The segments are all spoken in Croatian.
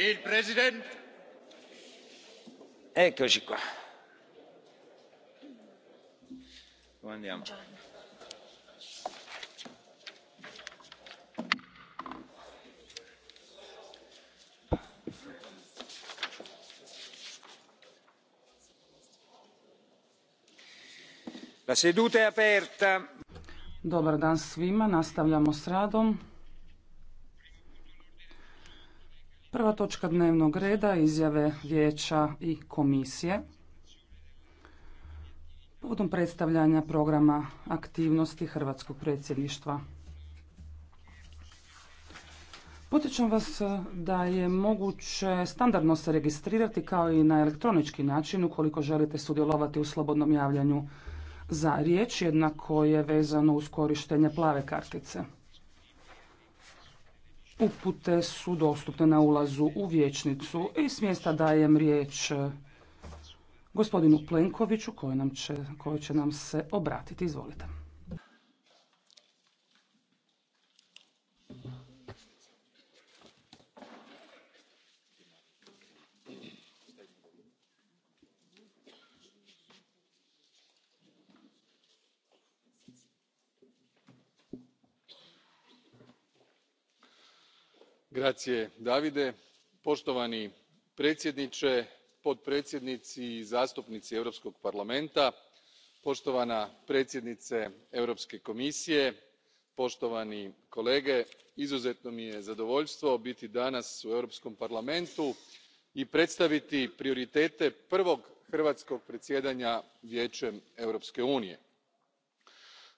Il presidente. Eccoci qua. Come andiamo? La seduta è aperta. Dobar dan svima, nastavljamo s radom. točka dnevnog reda, izjave vijeća i komisije. Povodom predstavljanja programa aktivnosti Hrvatskog predsjedništva. Potičem vas da je moguće standardno se registrirati kao i na elektronički način ukoliko želite sudjelovati u slobodnom javljanju za riječ, jednako je vezano uz korištenje plave kartice upute su dostupne na ulazu u vječnicu i s mjesta dajem riječ eh, gospodinu Plenkoviću koji, nam koji će nam se obratiti. Izvolite. gospodine davide poštovani predsjedniče potpredsjednici i zastupnici europskog parlamenta poštovana predsjednice europske komisije poštovani kolege izuzetno mi je zadovoljstvo biti danas u europskom parlamentu i predstaviti prioritete prvog hrvatskog predsjedanja vijećem europske unije.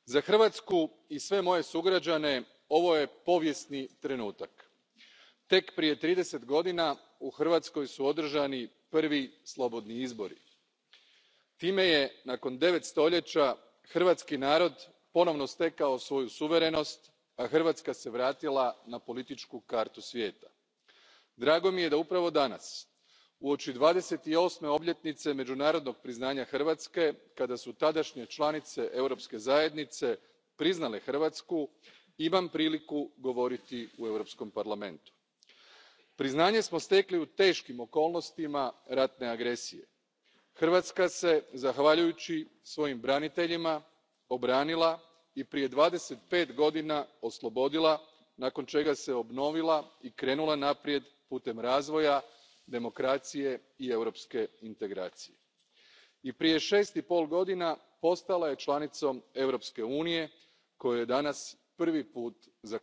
za hrvatsku i sve moje sugrađane ovo je povijesni trenutak tek prije thirty godina u hrvatskoj su odrani prvi slobodni izbori. time je nakon nine stoljeća, hrvatski narod ponovno stekao svoju suverenost a hrvatska se vratila na politiku kartu svijeta. drago mi je da upravo danas uoi twenty eight obljetnice meunarodnog priznanja hrvatske kada su tadanje lanice europske zajednice priznale hrvatsku imam priliku govoriti u europskom parlamentu priznanje smo stekli u teškim okolnostima ratne agresije. hrvatska se zahvaljujući svojim braniteljima obranila i prije dvadeset pet godina oslobodila nakon čega se obnovila i krenula naprijed putem razvoja demokracije i europske integracije. i prije šestpet i pol godina postala je članicom europske unije koju je danas prvi put za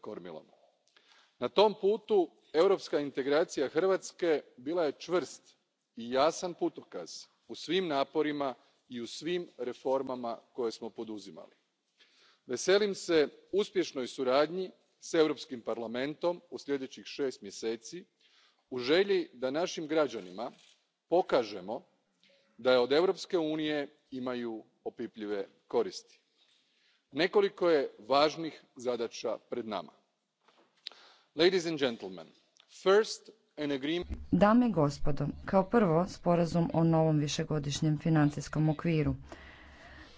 na tom putu europska integracija hrvatske bila je čvrst i jasan putokaz u svim naporima i u svim reformama koje smo poduzimali. veselim se uspješnoj suradnji s europskim parlamentom u sljedećih šest mjeseci u želji da našim građanima pokažemo da od europske unije imaju opipljive koristi. nekoliko je važnih zadaća pred nama. Dame i gospodo, kao prvo sporazum o novom višegodišnjem financijskom okviru.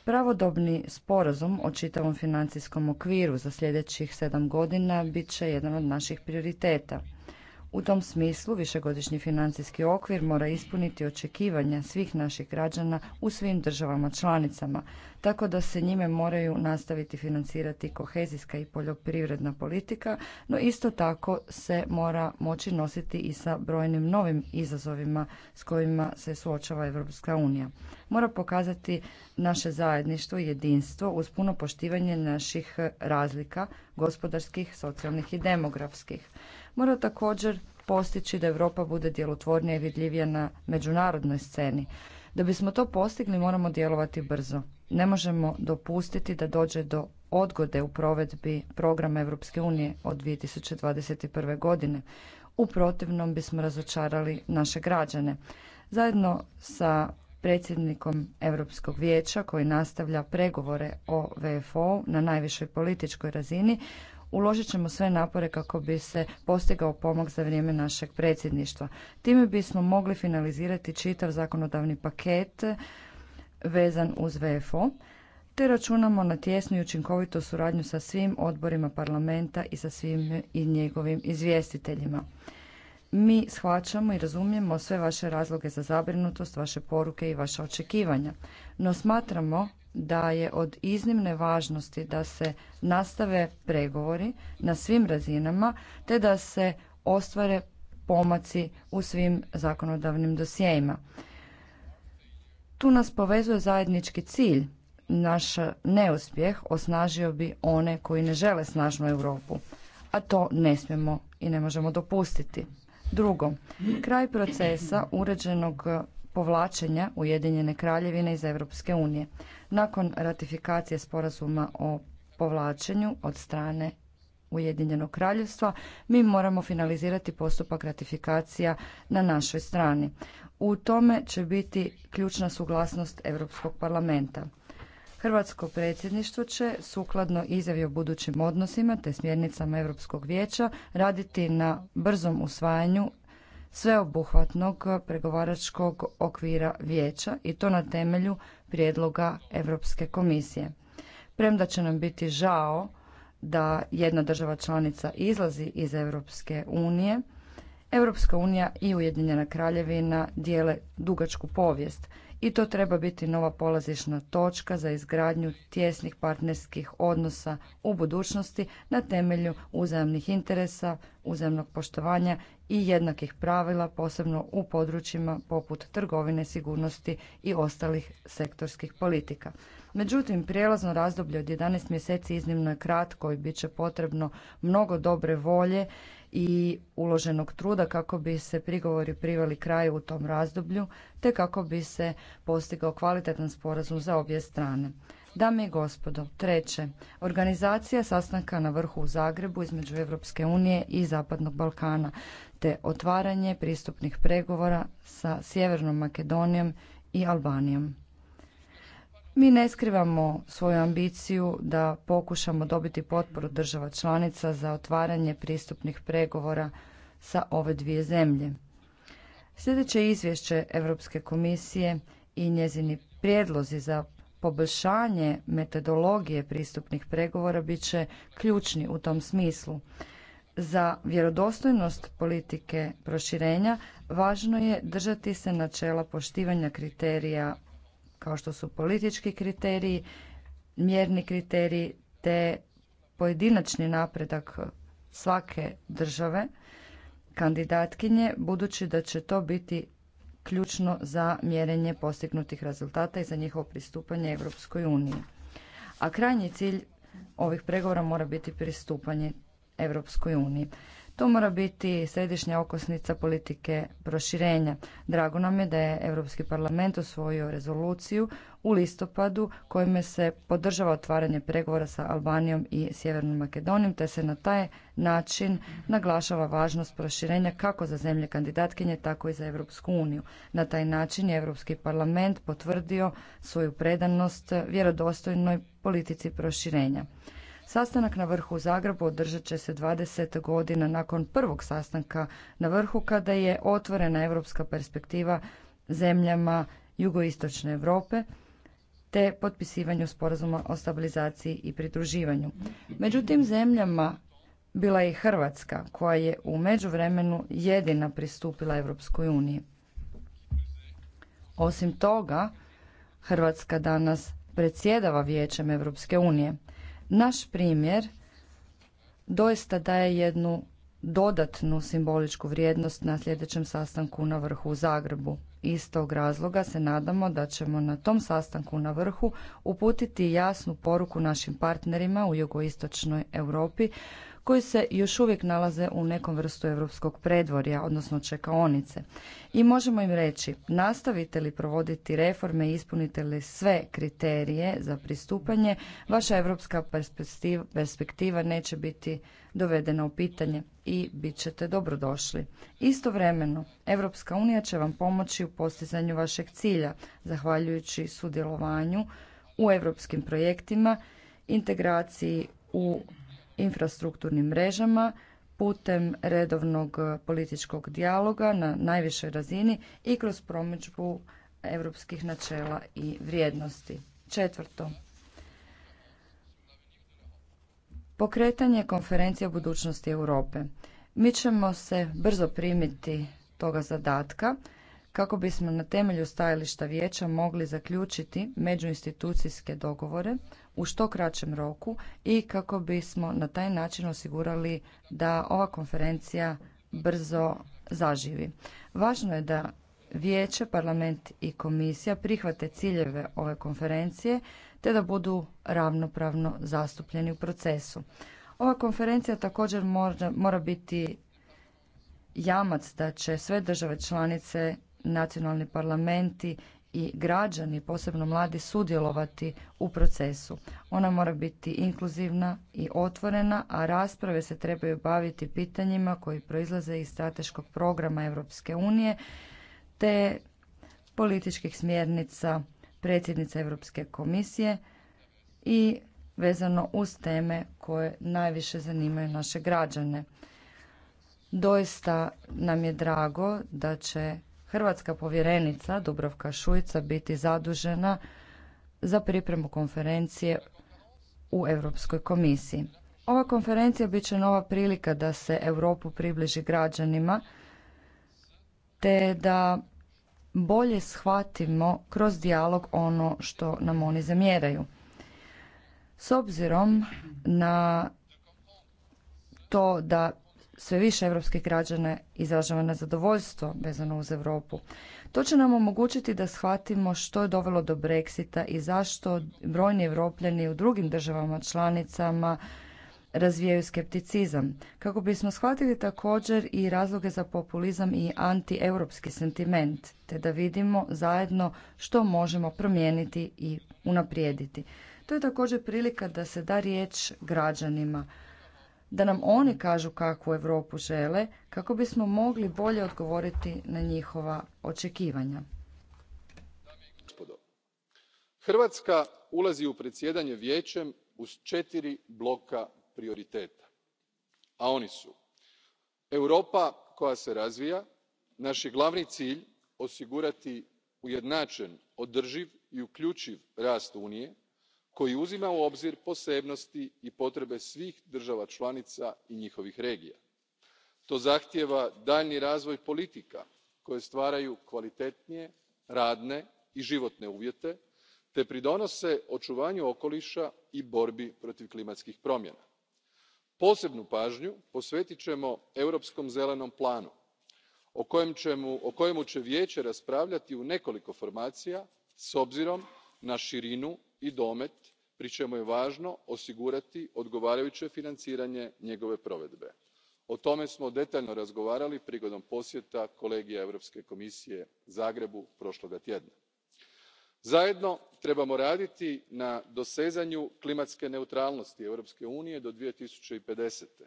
Pravodobni sporazum o čitavom financijskom okviru za sljedećih sedam godina bit će jedan od naših prioriteta. U tom smislu višegodišnji financijski okvir mora ispuniti očekivanja svih naših građana u svim državama članicama, tako da se njime moraju nastaviti financirati kohezijska i poljoprivredna politika, no isto tako se mora moći nositi i sa brojnim novim izazovima s kojima se suočava Europska unija mora pokazati naše zajedništvo i jedinstvo uz puno poštivanje naših razlika gospodarskih, socijalnih i demografskih. Mora također postići da Europa bude djelotvornija i vidljivija na međunarodnoj sceni. Da bismo to postigli moramo djelovati brzo. Ne možemo dopustiti da dođe do odgode u provedbi programa Europske unije od 2021. godine. U protivnom bismo razočarali naše građane. Zajedno sa predsjednikom Europskog vijeća koji nastavlja pregovore o VFO na najvišoj političkoj razini uložit ćemo sve napore kako bi se postigao pomak za vrijeme našeg predsjedništva. Time bismo mogli finalizirati čitav zakonodavni paket vezan uz VFO te računamo na tjesnu i učinkovitu suradnju sa svim odborima parlamenta i sa svim i njegovim izvjestiteljima. Mi shvaćamo i razumijemo sve vaše razloge za zabrinutost, vaše poruke i vaša očekivanja, no smatramo da je od iznimne važnosti da se nastave pregovori na svim razinama te da se ostvare pomaci u svim zakonodavnim dosjejima. Tu nas povezuje zajednički cilj. Naš neuspjeh osnažio bi one koji ne žele snažnu Europu, a to ne smijemo i ne možemo dopustiti. Drugo, kraj procesa uređenog povlačenja Ujedinjene kraljevine iz Europske unije. Nakon ratifikacije sporazuma o povlačenju od strane Ujedinjenog kraljevstva, mi moramo finalizirati postupak ratifikacija na našoj strani. U tome će biti ključna suglasnost Europskog parlamenta. Hrvatsko predsjedništvo će sukladno izjavi o budućim odnosima te smjernicama Europskog vijeća raditi na brzom usvajanju sveobuhvatnog pregovaračkog okvira vijeća i to na temelju prijedloga Europske komisije. Premda će nam biti žao da jedna država članica izlazi iz Europske unije, Europska unija i Ujedinjena kraljevina dijele dugačku povijest i to treba biti nova polazišna točka za izgradnju tjesnih partnerskih odnosa u budućnosti na temelju uzajamnih interesa, uzajamnog poštovanja i jednakih pravila, posebno u područjima poput trgovine, sigurnosti i ostalih sektorskih politika. Međutim, prijelazno razdoblje od 11 mjeseci iznimno je kratko i bit će potrebno mnogo dobre volje i uloženog truda kako bi se prigovori priveli kraju u tom razdoblju te kako bi se postigao kvalitetan sporazum za obje strane. Dame i gospodo, treće, organizacija sastanka na vrhu u Zagrebu između Europske unije i Zapadnog Balkana te otvaranje pristupnih pregovora sa Sjevernom Makedonijom i Albanijom. Mi ne skrivamo svoju ambiciju da pokušamo dobiti potporu država članica za otvaranje pristupnih pregovora sa ove dvije zemlje. Sljedeće izvješće Europske komisije i njezini prijedlozi za poboljšanje metodologije pristupnih pregovora bit će ključni u tom smislu. Za vjerodostojnost politike proširenja važno je držati se načela poštivanja kriterija kao što su politički kriteriji, mjerni kriteriji te pojedinačni napredak svake države kandidatkinje, budući da će to biti ključno za mjerenje postignutih rezultata i za njihovo pristupanje Europskoj uniji. A krajnji cilj ovih pregovora mora biti pristupanje Europskoj uniji. To mora biti središnja okosnica politike proširenja. Drago nam je da je Europski parlament usvojio rezoluciju u listopadu kojime se podržava otvaranje pregovora sa Albanijom i Sjevernom Makedonijom te se na taj način naglašava važnost proširenja kako za zemlje kandidatkinje tako i za Europsku uniju. Na taj način je Europski parlament potvrdio svoju predanost vjerodostojnoj politici proširenja. Sastanak na vrhu u Zagrebu održat će se 20 godina nakon prvog sastanka na vrhu kada je otvorena europska perspektiva zemljama jugoistočne Europe te potpisivanju sporazuma o stabilizaciji i pridruživanju. Međutim, zemljama bila je i Hrvatska koja je u međuvremenu jedina pristupila Europskoj uniji. Osim toga, Hrvatska danas predsjedava Vijećem Europske unije. Naš primjer doista daje jednu dodatnu simboličku vrijednost na sljedećem sastanku na vrhu u Zagrebu. Iz tog razloga se nadamo da ćemo na tom sastanku na vrhu uputiti jasnu poruku našim partnerima u jugoistočnoj Europi koji se još uvijek nalaze u nekom vrstu europskog predvorja, odnosno čekaonice. I možemo im reći, nastavite li provoditi reforme i ispunite li sve kriterije za pristupanje, vaša europska perspektiva, neće biti dovedena u pitanje i bit ćete dobrodošli. Istovremeno, Europska unija će vam pomoći u postizanju vašeg cilja, zahvaljujući sudjelovanju u europskim projektima, integraciji u infrastrukturnim mrežama putem redovnog političkog dijaloga na najvišoj razini i kroz promidžbu europskih načela i vrijednosti. Četvrto, pokretanje konferencije o budućnosti Europe. Mi ćemo se brzo primiti toga zadatka kako bismo na temelju stajališta vijeća mogli zaključiti međuinstitucijske dogovore u što kraćem roku i kako bismo na taj način osigurali da ova konferencija brzo zaživi. Važno je da Vijeće, Parlament i Komisija prihvate ciljeve ove konferencije te da budu ravnopravno zastupljeni u procesu. Ova konferencija također mora, mora biti jamac da će sve države članice, nacionalni parlamenti i građani, posebno mladi, sudjelovati u procesu. Ona mora biti inkluzivna i otvorena, a rasprave se trebaju baviti pitanjima koji proizlaze iz strateškog programa Europske unije te političkih smjernica predsjednica Europske komisije i vezano uz teme koje najviše zanimaju naše građane. Doista nam je drago da će hrvatska povjerenica Dubrovka Šujica biti zadužena za pripremu konferencije u Europskoj komisiji. Ova konferencija bit će nova prilika da se Europu približi građanima te da bolje shvatimo kroz dijalog ono što nam oni zamjeraju. S obzirom na to da sve više evropskih građana izražava nezadovoljstvo vezano uz Europu. To će nam omogućiti da shvatimo što je dovelo do Brexita i zašto brojni Europljani u drugim državama članicama razvijaju skepticizam, kako bismo shvatili također i razloge za populizam i antieuropski sentiment, te da vidimo zajedno što možemo promijeniti i unaprijediti. To je također prilika da se da riječ građanima da nam oni kažu kakvu Europu žele kako bismo mogli bolje odgovoriti na njihova očekivanja. Hrvatska ulazi u predsjedanje vijećem uz četiri bloka prioriteta, a oni su Europa koja se razvija, naš je glavni cilj osigurati ujednačen, održiv i uključiv rast Unije, koji uzima u obzir posebnosti i potrebe svih država članica i njihovih regija. to zahtijeva daljnji razvoj politika koje stvaraju kvalitetnije radne i životne uvjete te pridonose očuvanju okoliša i borbi protiv klimatskih promjena. posebnu pažnju posvetit ćemo europskom zelenom planu o kojemu će vijeće raspravljati u nekoliko formacija s obzirom na širinu i domet pri čemu je važno osigurati odgovarajuće financiranje njegove provedbe. o tome smo detaljno razgovarali prigodom posjeta kolegija europske komisije zagrebu prošloga tjedna. zajedno trebamo raditi na dosezanju klimatske neutralnosti europske unije do. two thousand and fifty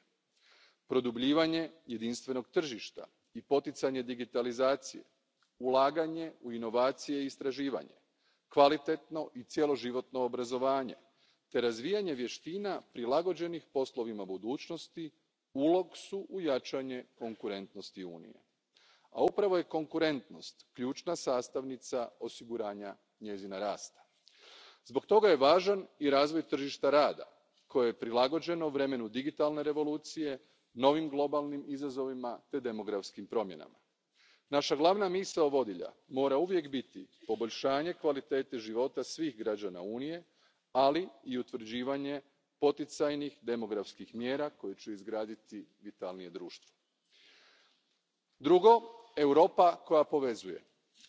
produbljivanje jedinstvenog tržišta i poticanje digitalizacije ulaganje u inovacije i istraživanje kvalitetno i cjeloivotno obrazovanje te razvijanje vještina prilagođenih poslovima budućnosti, ulog su u jaanje konkurentnosti unije a upravo je konkurentnost ključna sastavnica osiguranja njezina rasta. zbog toga je vaan i razvoj trita rada koje je prilagoeno vremenu digitalne revolucije novim globalnim izazovima te demografskim promjenama. Naša glavna misao vodilja mora uvijek biti poboljšanje kvalitete života svih građana unije ali i utvrivanje poticajnih demografskih mjera koje će izgraditi vitalnije društvo. drugo europa koja povezuje.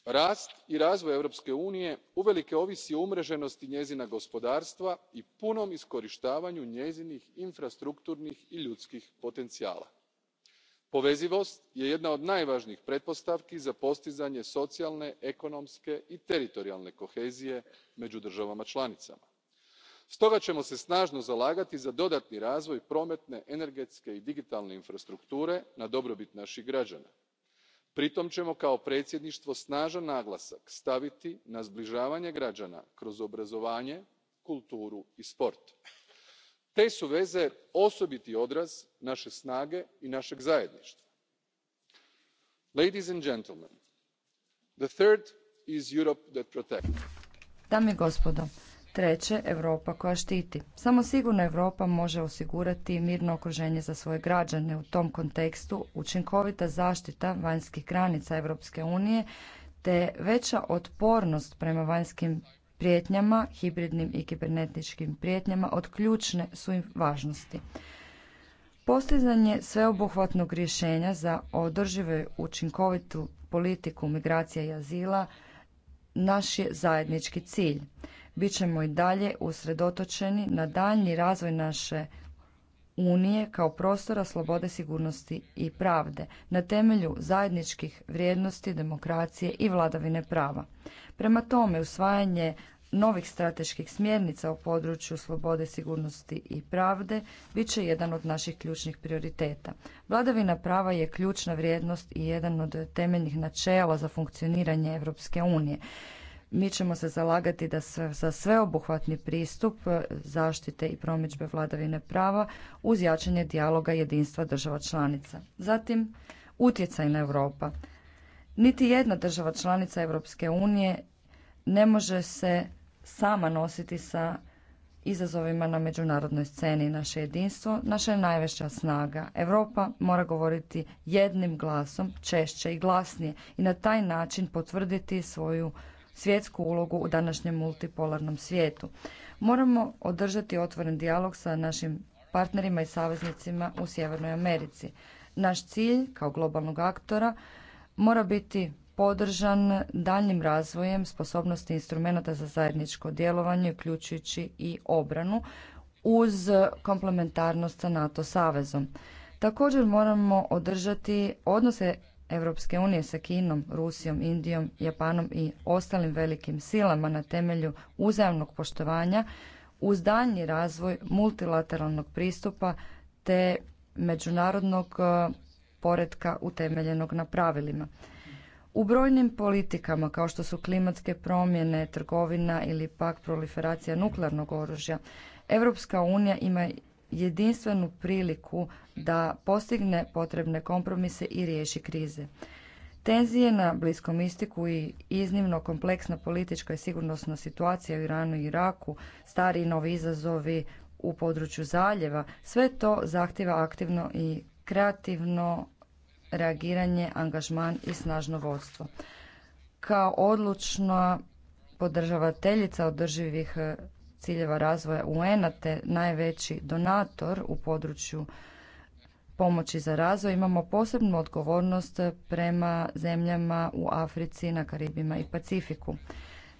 rast i razvoj europske unije uvelike ovisi o umreenosti njezina gospodarstva i punom iskorištavanju njezinih infrastrukturnih i ljudskih potencijala povezivost je jedna od najvažnijih pretpostavki za postizanje socijalne ekonomske i teritorijalne kohezije među državama članicama. stoga ćemo se snažno zalagati za dodatni razvoj prometne energetske i digitalne infrastrukture na dobrobit naših građana. pritom ćemo kao predsjedništvo snažan naglasak staviti na zbližavanje građana kroz obrazovanje kulturu i sport te su veze osobiti odraz nae snage i naeg zajednitva. dame i gospodo tree europa koja titi. samo sigurna europa moe osigurati mirno okruženje za svoje građane u tom kontekstu učinkovita zatita vanjskih granica europske unije te veća otpornost prema vanjskim prijetnjama, hibridnim i kibernetičkim prijetnjama od ključne su im važnosti. Postizanje sveobuhvatnog rješenja za održive učinkovitu politiku migracija i azila naš je zajednički cilj. Bićemo i dalje usredotočeni na daljnji razvoj naše Unije kao prostora slobode, sigurnosti i pravde na temelju zajedničkih vrijednosti, demokracije i vladavine prava. Prema tome, usvajanje novih strateških smjernica u području slobode, sigurnosti i pravde bit će jedan od naših ključnih prioriteta. Vladavina prava je ključna vrijednost i jedan od temeljnih načela za funkcioniranje Europske unije. Mi ćemo se zalagati da se za sveobuhvatni pristup zaštite i promidžbe vladavine prava uz jačanje dijaloga jedinstva država članica. Zatim, na Europa. Niti jedna država članica Europske unije ne može se sama nositi sa izazovima na međunarodnoj sceni. Naše jedinstvo, naša je najveća snaga. Europa mora govoriti jednim glasom, češće i glasnije i na taj način potvrditi svoju svjetsku ulogu u današnjem multipolarnom svijetu. Moramo održati otvoren dijalog sa našim partnerima i saveznicima u Sjevernoj Americi. Naš cilj kao globalnog aktora mora biti podržan daljnjim razvojem sposobnosti instrumenata za zajedničko djelovanje, uključujući i obranu, uz komplementarnost sa NATO savezom. Također moramo održati odnose Europske unije sa Kinom, Rusijom, Indijom, Japanom i ostalim velikim silama na temelju uzajamnog poštovanja uz daljnji razvoj multilateralnog pristupa te međunarodnog eh, poretka utemeljenog na pravilima. U brojnim politikama kao što su klimatske promjene, trgovina ili pak proliferacija nuklearnog oružja, Europska unija ima jedinstvenu priliku da postigne potrebne kompromise i riješi krize. Tenzije na Bliskom istiku i iznimno kompleksna politička i sigurnosna situacija u Iranu i Iraku, stari i novi izazovi u području zaljeva, sve to zahtjeva aktivno i kreativno reagiranje, angažman i snažno vodstvo. Kao odlučna podržavateljica održivih e, ciljeva razvoja UN-a te najveći donator u području pomoći za razvoj imamo posebnu odgovornost prema zemljama u Africi, na Karibima i Pacifiku.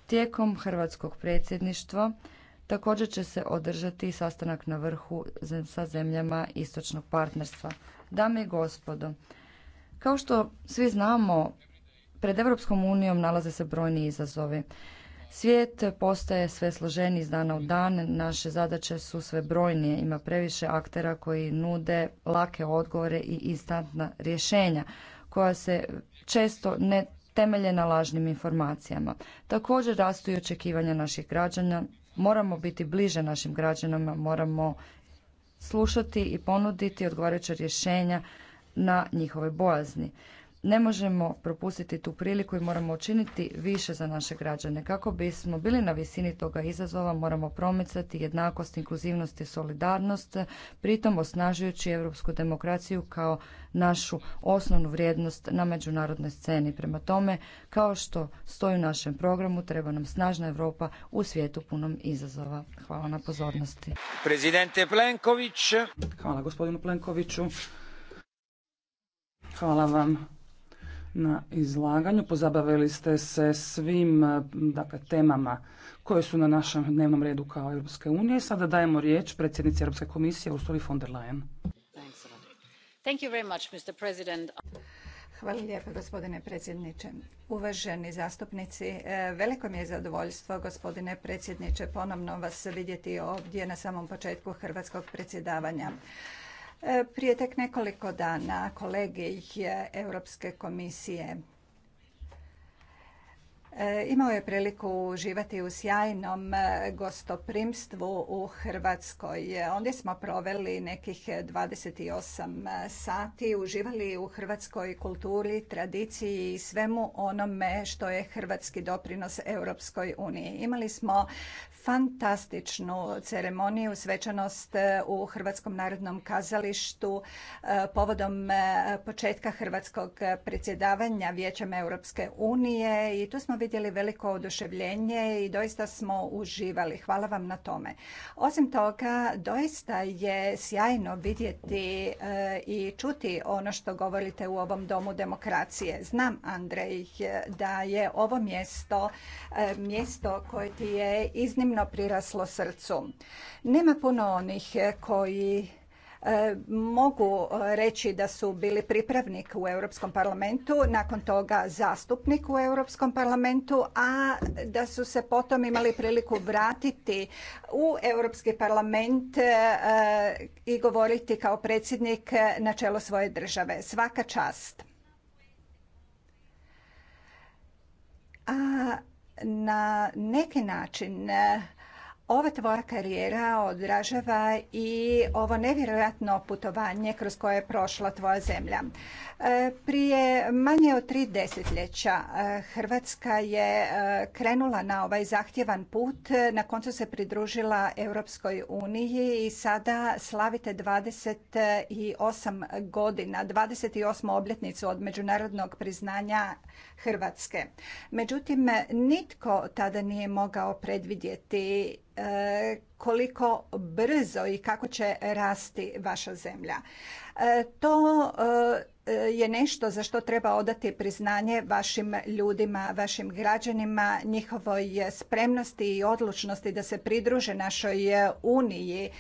Tijekom hrvatskog predsjedništva također će se održati sastanak na vrhu sa zemljama istočnog partnerstva. Dame i gospodo, kao što svi znamo, pred Europskom unijom nalaze se brojni izazovi. Svijet postaje sve složeniji iz dana u dan, naše zadaće su sve brojnije, ima previše aktera koji nude lake odgovore i instantna rješenja koja se često ne temelje na lažnim informacijama. Također rastu i očekivanja naših građana, moramo biti bliže našim građanima, moramo slušati i ponuditi odgovarajuća rješenja na njihove bojazni. Ne možemo propustiti tu priliku i moramo učiniti više za naše građane. Kako bismo bili na visini toga izazova, moramo promicati jednakost, inkluzivnost i solidarnost, pritom osnažujući europsku demokraciju kao našu osnovnu vrijednost na međunarodnoj sceni. Prema tome, kao što stoji u našem programu, treba nam snažna Europa u svijetu punom izazova. Hvala na pozornosti. Prezidente Plenković. Hvala gospodinu Plenkoviću. Hvala vam na izlaganju. Pozabavili ste se svim dakle, temama koje su na našem dnevnom redu kao Europske unije. Sada dajemo riječ predsjednici Europske komisije Ursula von der Leyen. Hvala lijepa gospodine predsjedniče. Uvaženi zastupnici, e, veliko mi je zadovoljstvo gospodine predsjedniče ponovno vas vidjeti ovdje na samom početku hrvatskog predsjedavanja. E, prije tek nekoliko dana kolege Europske komisije E, imao je priliku uživati u sjajnom e, gostoprimstvu u Hrvatskoj. Ondje smo proveli nekih 28 e, sati, uživali u hrvatskoj kulturi, tradiciji i svemu onome što je hrvatski doprinos Europskoj uniji. Imali smo fantastičnu ceremoniju svečanost u Hrvatskom narodnom kazalištu povodom početka hrvatskog predsjedavanja Vijećem Europske unije i tu smo vidjeli veliko oduševljenje i doista smo uživali. Hvala vam na tome. Osim toga, doista je sjajno vidjeti eh, i čuti ono što govorite u ovom domu demokracije. Znam, Andrej, da je ovo mjesto eh, mjesto koje ti je iznimno priraslo srcu. Nema puno onih koji E, mogu reći da su bili pripravnik u Europskom parlamentu, nakon toga zastupnik u Europskom parlamentu, a da su se potom imali priliku vratiti u Europski parlament e, i govoriti kao predsjednik na čelo svoje države. Svaka čast. A na neki način ova tvoja karijera odražava i ovo nevjerojatno putovanje kroz koje je prošla tvoja zemlja. E, prije manje od tri desetljeća e, Hrvatska je e, krenula na ovaj zahtjevan put, na koncu se pridružila Europskoj uniji i sada slavite 28 godina, 28. obljetnicu od međunarodnog priznanja Hrvatske. Međutim, nitko tada nije mogao predvidjeti E, koliko brzo i kako će rasti vaša zemlja. E, to e, je nešto za što treba odati priznanje vašim ljudima, vašim građanima, njihovoj spremnosti i odlučnosti da se pridruže našoj uniji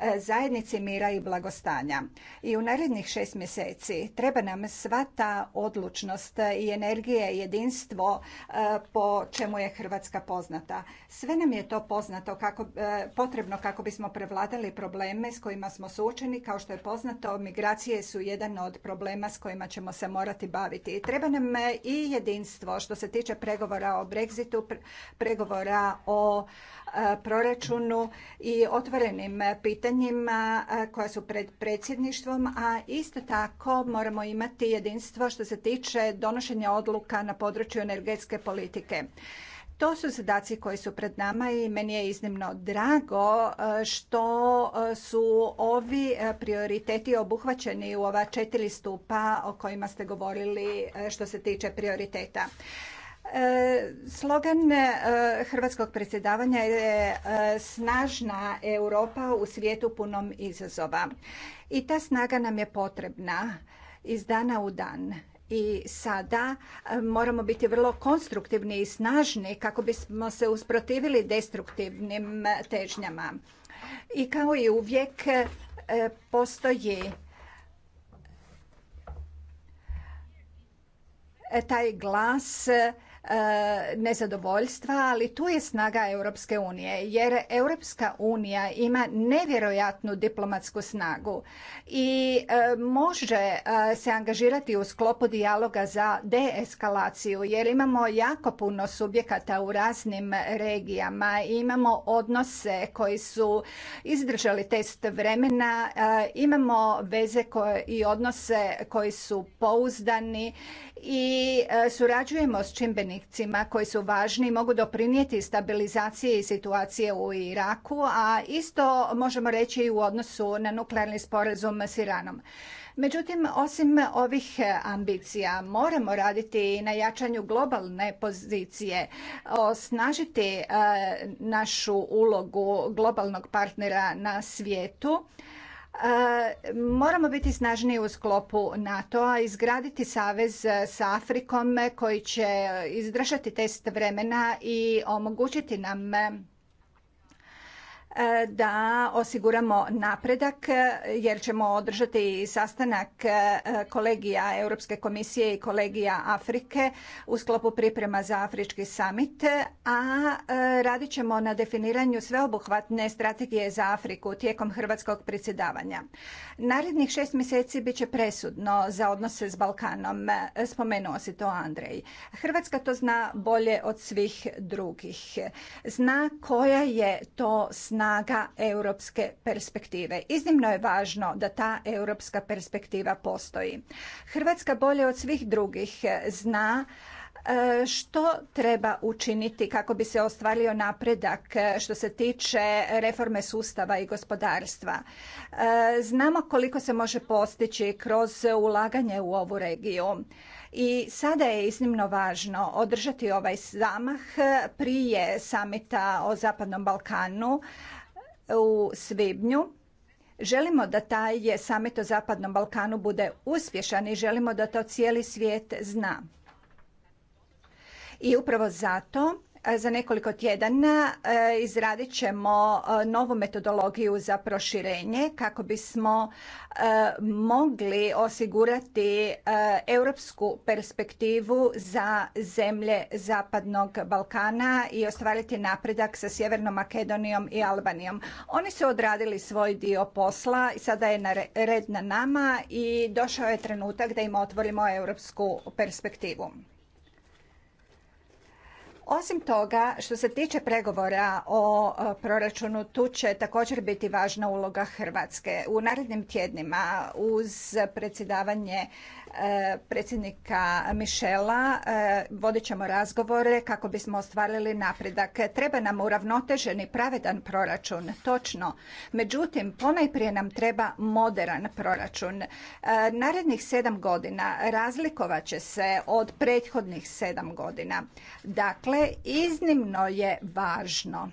E, zajednici mira i blagostanja. I u narednih šest mjeseci treba nam sva ta odlučnost i energija i jedinstvo e, po čemu je Hrvatska poznata. Sve nam je to poznato kako, e, potrebno kako bismo prevladali probleme s kojima smo suočeni. Kao što je poznato, migracije su jedan od problema s kojima ćemo se morati baviti. Treba nam i jedinstvo što se tiče pregovora o Brexitu, pregovora o E, proračunu i otvorenim pitanjima e, koja su pred predsjedništvom, a isto tako moramo imati jedinstvo što se tiče donošenja odluka na području energetske politike. To su zadaci koji su pred nama i meni je iznimno drago e, što su ovi prioriteti obuhvaćeni u ova četiri stupa o kojima ste govorili što se tiče prioriteta. Slogan e, hrvatskog predsjedavanja je e, snažna Europa u svijetu punom izazova. I ta snaga nam je potrebna iz dana u dan. I sada e, moramo biti vrlo konstruktivni i snažni kako bismo se usprotivili destruktivnim težnjama. I kao i uvijek postoji taj glas E, nezadovoljstva, ali tu je snaga Europske unije, jer Europska unija ima nevjerojatnu diplomatsku snagu i e, može e, se angažirati u sklopu dijaloga za deeskalaciju, jer imamo jako puno subjekata u raznim regijama, imamo odnose koji su izdržali test vremena, imamo veze i odnose koji su pouzdani i e, surađujemo s čimbenicima koji su važni i mogu doprinijeti stabilizaciji situacije u Iraku, a isto možemo reći i u odnosu na nuklearni sporazum s Iranom. Međutim, osim ovih e, ambicija, moramo raditi na jačanju globalne pozicije, osnažiti e, našu ulogu globalnog partnera na svijetu Moramo biti snažniji u sklopu NATO-a, izgraditi savez e, sa Afrikom e, koji će e, izdržati test vremena i omogućiti nam da osiguramo napredak jer ćemo održati sastanak e, kolegija Europske komisije i kolegija Afrike u sklopu priprema za Afrički summit, a e, radit ćemo na definiranju sveobuhvatne strategije za Afriku tijekom hrvatskog predsjedavanja. Narednih šest mjeseci bit će presudno za odnose s Balkanom, e, spomenuo si to Andrej. Hrvatska to zna bolje od svih drugih. Zna koja je to snaga snaga europske perspektive. Iznimno je važno da ta europska perspektiva postoji. Hrvatska bolje od svih drugih zna e, što treba učiniti kako bi se ostvario napredak e, što se tiče reforme sustava i gospodarstva? E, znamo koliko se može postići kroz ulaganje u ovu regiju. I sada je iznimno važno održati ovaj zamah prije samita o Zapadnom Balkanu u svibnju. Želimo da taj samit o Zapadnom Balkanu bude uspješan i želimo da to cijeli svijet zna. I upravo zato za nekoliko tjedana e, izradit ćemo e, novu metodologiju za proširenje kako bismo e, mogli osigurati europsku perspektivu za zemlje Zapadnog Balkana i ostvariti napredak sa Sjevernom Makedonijom i Albanijom. Oni su odradili svoj dio posla i sada je red na nama i došao je trenutak da im otvorimo europsku perspektivu. Osim toga, što se tiče pregovora o e, proračunu, tu će također biti važna uloga Hrvatske. U narednim tjednima uz predsjedavanje predsjednika Mišela, eh, vodit ćemo razgovore kako bismo ostvarili napredak. Treba nam uravnoteženi pravedan proračun, točno. Međutim, ponajprije nam treba moderan proračun. Eh, narednih sedam godina razlikovat će se od prethodnih sedam godina. Dakle, iznimno je važno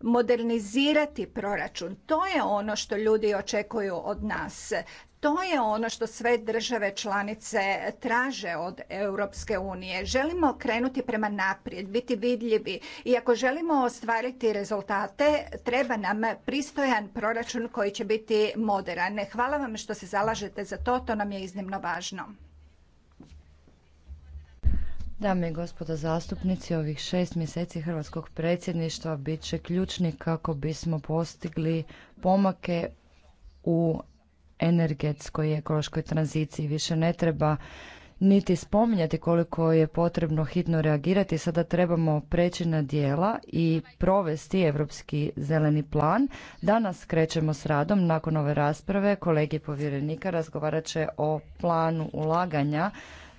modernizirati proračun. To je ono što ljudi očekuju od nas. To je ono što sve države članice traže od Europske unije. Želimo krenuti prema naprijed, biti vidljivi i ako želimo ostvariti rezultate, treba nam pristojan proračun koji će biti moderan. Hvala vam što se zalažete za to, to nam je iznimno važno. Dame i gospodo zastupnici, ovih šest mjeseci Hrvatskog predsjedništva bit će ključni kako bismo postigli pomake u energetskoj i ekološkoj tranziciji. Više ne treba niti spominjati koliko je potrebno hitno reagirati. Sada trebamo preći na dijela i provesti Europski zeleni plan. Danas krećemo s radom. Nakon ove rasprave kolegi povjerenika razgovarat će o planu ulaganja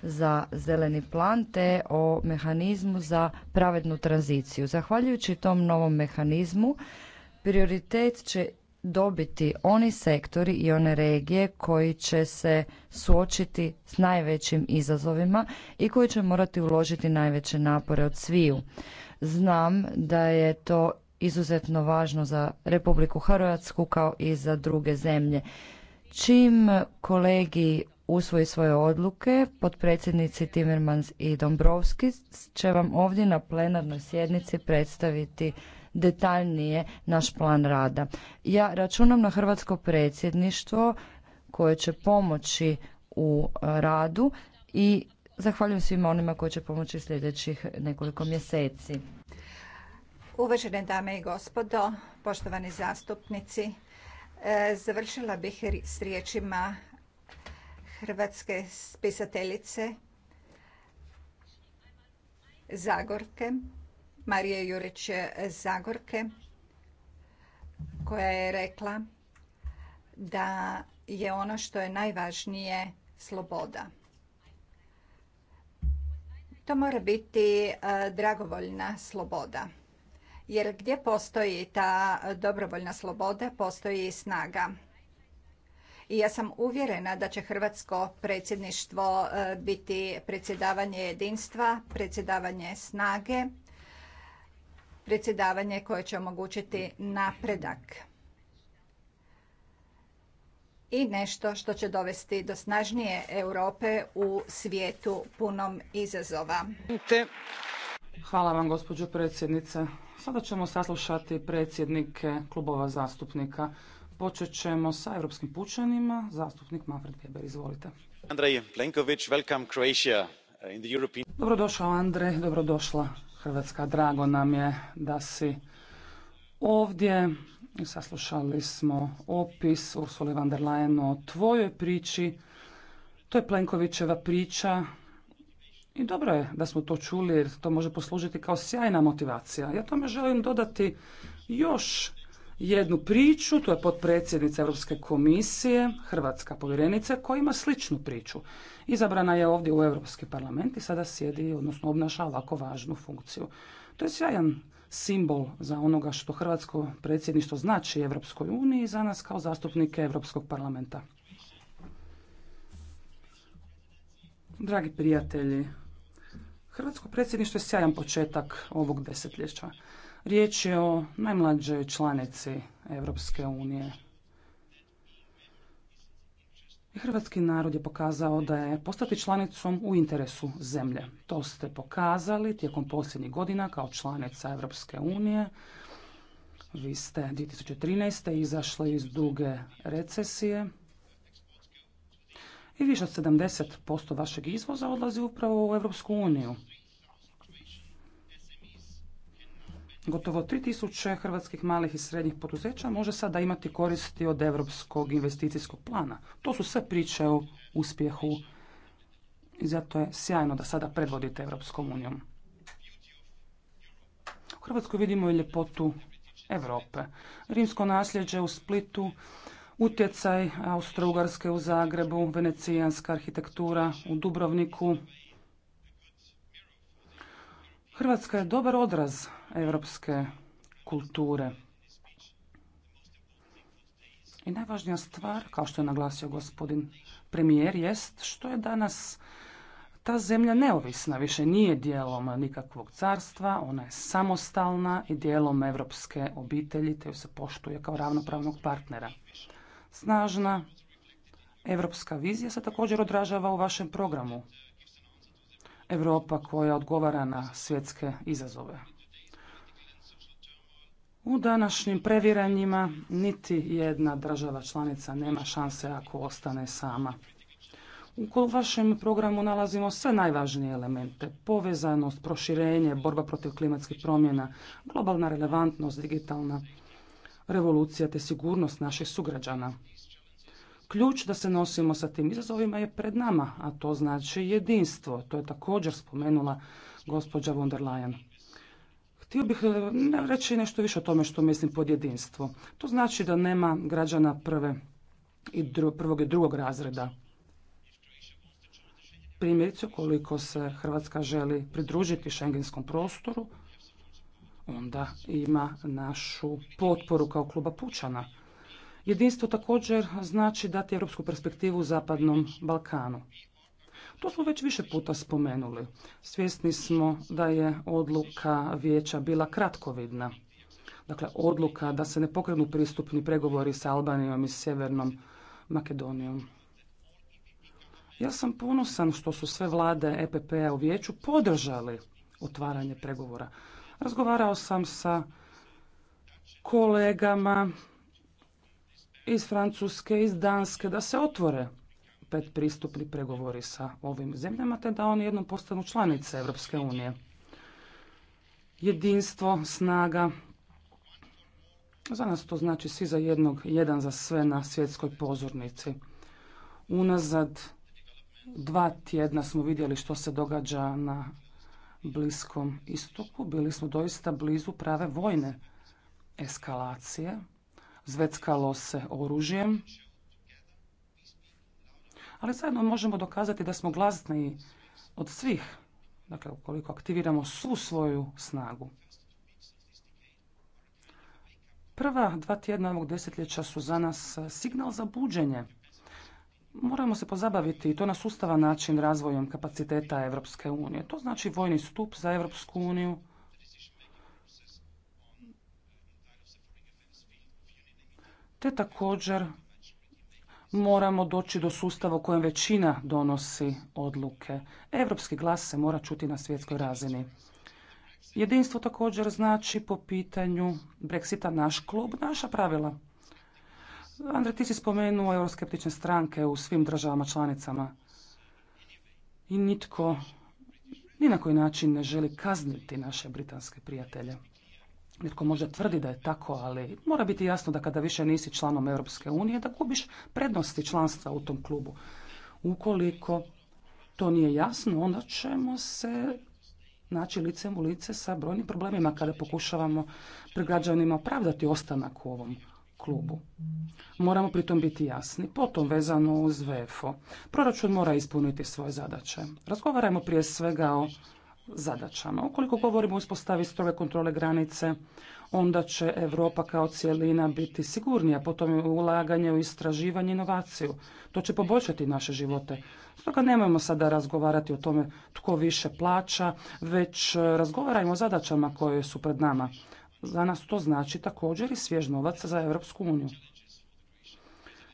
za zeleni plan te o mehanizmu za pravednu tranziciju. Zahvaljujući tom novom mehanizmu prioritet će dobiti oni sektori i one regije koji će se suočiti s najvećim izazovima i koji će morati uložiti najveće napore od sviju. Znam da je to izuzetno važno za Republiku Hrvatsku kao i za druge zemlje. Čim kolegi usvoji svoje odluke, potpredsjednici Timmermans i Dombrovski će vam ovdje na plenarnoj sjednici predstaviti detaljnije naš plan rada. Ja računam na hrvatsko predsjedništvo koje će pomoći u e, radu i zahvaljujem svima onima koji će pomoći sljedećih nekoliko mjeseci. Uvažene dame i gospodo, poštovani zastupnici, e, završila bih s riječima hrvatske spisateljice Zagorke Marije Jurić Zagorke koja je rekla da je ono što je najvažnije sloboda. To mora biti e, dragovoljna sloboda. Jer gdje postoji ta dobrovoljna sloboda, postoji i snaga. I ja sam uvjerena da će hrvatsko predsjedništvo e, biti predsjedavanje jedinstva, predsjedavanje snage predsjedavanje koje će omogućiti napredak i nešto što će dovesti do snažnije Europe u svijetu punom izazova. Hvala vam, gospođo predsjednice. Sada ćemo saslušati predsjednike klubova zastupnika. Počet ćemo sa europskim pučanima. Zastupnik Manfred Weber, izvolite. Andrej Plenković, welcome Croatia Dobrodošao Andre, dobrodošla Hrvatska, drago nam je da si ovdje. Saslušali smo opis Ursula van der Leyen o tvojoj priči. To je Plenkovićeva priča i dobro je da smo to čuli jer to može poslužiti kao sjajna motivacija. Ja tome želim dodati još jednu priču, to je potpredsjednica Europske komisije, hrvatska povjerenica, koja ima sličnu priču. Izabrana je ovdje u Europski parlament i sada sjedi, odnosno obnaša ovako važnu funkciju. To je sjajan simbol za onoga što hrvatsko predsjedništvo znači Europskoj uniji i za nas kao zastupnike Europskog parlamenta. Dragi prijatelji, hrvatsko predsjedništvo je sjajan početak ovog desetljeća. Riječ je o najmlađoj članici Europske unije. Hrvatski narod je pokazao da je postati članicom u interesu zemlje. To ste pokazali tijekom posljednjih godina kao članica Europske unije. Vi ste 2013. izašli iz duge recesije i više od 70% vašeg izvoza odlazi upravo u Europsku uniju. Gotovo 3000 hrvatskih malih i srednjih poduzeća može sada imati koristi od Europskog investicijskog plana. To su sve priče o uspjehu i zato je sjajno da sada predvodite Evropskom unijom. U Hrvatskoj vidimo i ljepotu Europe. Rimsko nasljeđe u Splitu, utjecaj Austro-Ugarske u Zagrebu, venecijanska arhitektura u Dubrovniku. Hrvatska je dobar odraz europske kulture. I najvažnija stvar, kao što je naglasio gospodin premijer, jest što je danas ta zemlja neovisna, više nije dijelom nikakvog carstva, ona je samostalna i dijelom evropske obitelji, te ju se poštuje kao ravnopravnog partnera. Snažna evropska vizija se također odražava u vašem programu. Europa koja odgovara na svjetske izazove. U današnjim previranjima niti jedna država članica nema šanse ako ostane sama. U vašem programu nalazimo sve najvažnije elemente. Povezanost, proširenje, borba protiv klimatskih promjena, globalna relevantnost, digitalna revolucija te sigurnost naših sugrađana. Ključ da se nosimo sa tim izazovima je pred nama, a to znači jedinstvo. To je također spomenula gospođa von der Leyen. Htio bih e, reći nešto više o tome što mislim pod jedinstvo. To znači da nema građana prve i prvog i drugog razreda. Primjerice, koliko se Hrvatska želi pridružiti šengenskom prostoru, onda ima našu potporu kao kluba Pučana. Jedinstvo također znači dati europsku perspektivu Zapadnom Balkanu. To smo već više puta spomenuli. Svjesni smo da je odluka vijeća bila kratkovidna. Dakle, odluka da se ne pokrenu pristupni pregovori sa Albanijom i Sjevernom Makedonijom. Ja sam ponosan što su sve vlade EPP-a u vijeću podržali otvaranje pregovora. Razgovarao sam sa kolegama iz Francuske, iz Danske, da se otvore pet pristupni pregovori sa ovim zemljama, te da oni jednom postanu članice Europske unije. Jedinstvo, snaga, za nas to znači svi za jednog, jedan za sve na svjetskoj pozornici. Unazad dva tjedna smo vidjeli što se događa na Bliskom istoku. Bili smo doista blizu prave vojne eskalacije. Zveckalo se oružjem, ali zajedno možemo dokazati da smo glasniji od svih, dakle ukoliko aktiviramo svu svoju snagu. Prva dva tjedna ovog desetljeća su za nas signal za buđenje. Moramo se pozabaviti i to na sustavan način razvojem kapaciteta Europske unije. To znači vojni stup za Europsku uniju, te također moramo doći do sustava u kojem većina donosi odluke. Europski glas se mora čuti na svjetskoj razini. Jedinstvo također znači po pitanju Brexita naš klub, naša pravila. Andrej, ti si spomenuo euroskeptične stranke u svim državama članicama. I nitko ni na koji način ne želi kazniti naše britanske prijatelje. Netko može tvrdi da je tako, ali mora biti jasno da kada više nisi članom Europske unije, da gubiš prednosti članstva u tom klubu. Ukoliko to nije jasno, onda ćemo se naći licem u lice sa brojnim problemima kada pokušavamo pred građanima opravdati ostanak u ovom klubu. Moramo pritom biti jasni, potom vezano uz VFO. Proračun mora ispuniti svoje zadaće. Razgovarajmo prije svega o zadaćama. Ukoliko govorimo o uspostavi strove kontrole granice, onda će Europa kao cijelina biti sigurnija, potom je ulaganje u istraživanje i inovaciju. To će poboljšati naše živote. Stoga nemojmo sada razgovarati o tome tko više plaća, već razgovarajmo o zadaćama koje su pred nama. Za nas to znači također i svjež novac za Europsku uniju.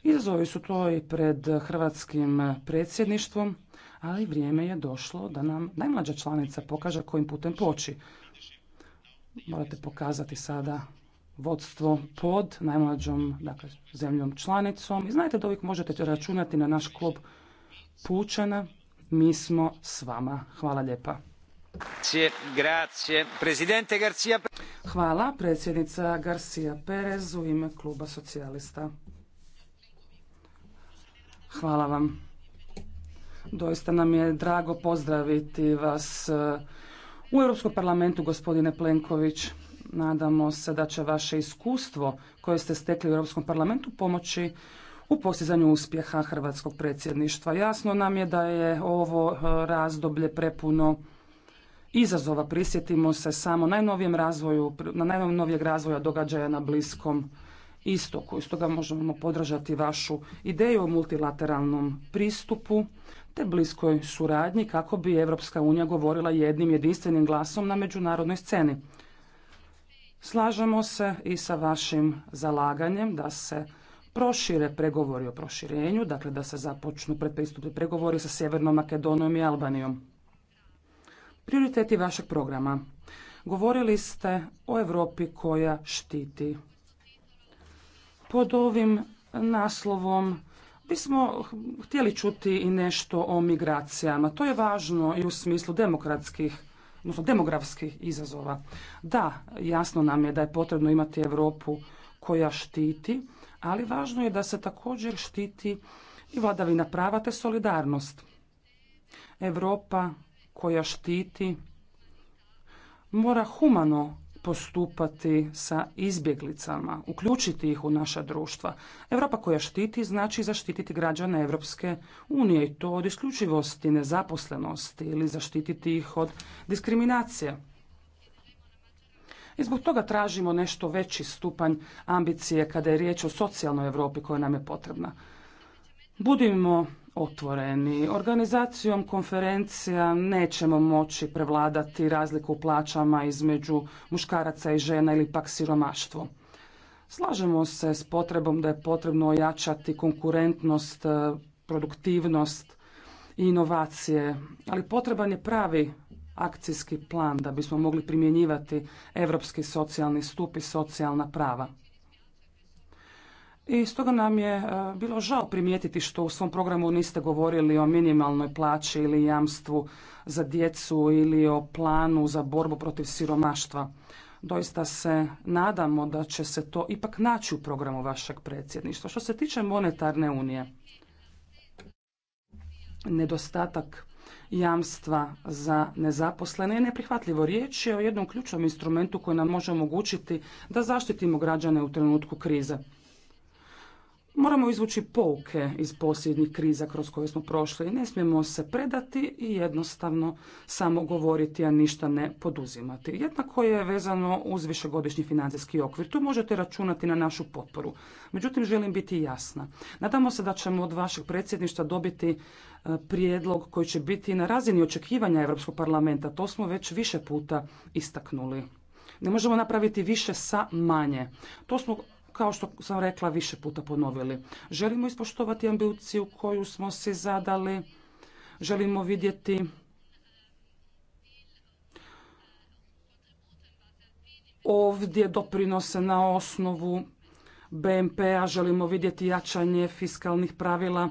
Izazovi su to i pred hrvatskim predsjedništvom, ali vrijeme je došlo da nam najmlađa članica pokaže kojim putem poći. Morate pokazati sada vodstvo pod najmlađom dakle, zemljom članicom i znajte da uvijek možete računati na naš klub Pučana. Mi smo s vama. Hvala lijepa. Hvala predsjednica Garcia Perez u ime kluba socijalista. Hvala vam. Doista nam je drago pozdraviti vas eh, u Europskom parlamentu, gospodine Plenković. Nadamo se da će vaše iskustvo koje ste stekli u Europskom parlamentu pomoći u postizanju uspjeha hrvatskog predsjedništva. Jasno nam je da je ovo eh, razdoblje prepuno izazova. Prisjetimo se samo najnovijem razvoju, na najnovijeg razvoja događaja na bliskom istoku. Iz toga možemo podržati vašu ideju o multilateralnom pristupu te bliskoj suradnji kako bi Europska unija govorila jednim jedinstvenim glasom na međunarodnoj sceni. Slažemo se i sa vašim zalaganjem da se prošire pregovori o proširenju, dakle da se započnu predpristupni pregovori sa Sjevernom Makedonijom i Albanijom. Prioriteti vašeg programa. Govorili ste o Europi koja štiti. Pod ovim naslovom bismo htjeli čuti i nešto o migracijama. To je važno i u smislu demokratskih odnosno demografskih izazova. Da, jasno nam je da je potrebno imati Europu koja štiti, ali važno je da se također štiti i vladavina prava te solidarnost. Europa koja štiti mora humano postupati sa izbjeglicama, uključiti ih u naša društva. Europa koja štiti znači zaštititi građane Europske unije i to od isključivosti, nezaposlenosti ili zaštititi ih od diskriminacije. I zbog toga tražimo nešto veći stupanj ambicije kada je riječ o socijalnoj Europi koja nam je potrebna. Budimo otvoreni. Organizacijom konferencija nećemo moći prevladati razliku u plaćama između muškaraca i žena ili pak siromaštvo. Slažemo se s potrebom da je potrebno ojačati konkurentnost, produktivnost i inovacije, ali potreban je pravi akcijski plan da bismo mogli primjenjivati Europski socijalni stup i socijalna prava. I stoga nam je e, bilo žao primijetiti što u svom programu niste govorili o minimalnoj plaći ili jamstvu za djecu ili o planu za borbu protiv siromaštva. Doista se nadamo da će se to ipak naći u programu vašeg predsjedništva. Što se tiče monetarne unije, nedostatak jamstva za nezaposlene je neprihvatljivo. Riječ je o jednom ključnom instrumentu koji nam može omogućiti da zaštitimo građane u trenutku krize. Moramo izvući pouke iz posljednjih kriza kroz koje smo prošli. i Ne smijemo se predati i jednostavno samo govoriti, a ništa ne poduzimati. Jednako je vezano uz višegodišnji financijski okvir. Tu možete računati na našu potporu. Međutim, želim biti jasna. Nadamo se da ćemo od vašeg predsjedništva dobiti e, prijedlog koji će biti na razini očekivanja Europskog parlamenta. To smo već više puta istaknuli. Ne možemo napraviti više sa manje. To smo kao što sam rekla, više puta ponovili. Želimo ispoštovati ambiciju koju smo se zadali, želimo vidjeti ovdje doprinose na osnovu BMP-a, želimo vidjeti jačanje fiskalnih pravila.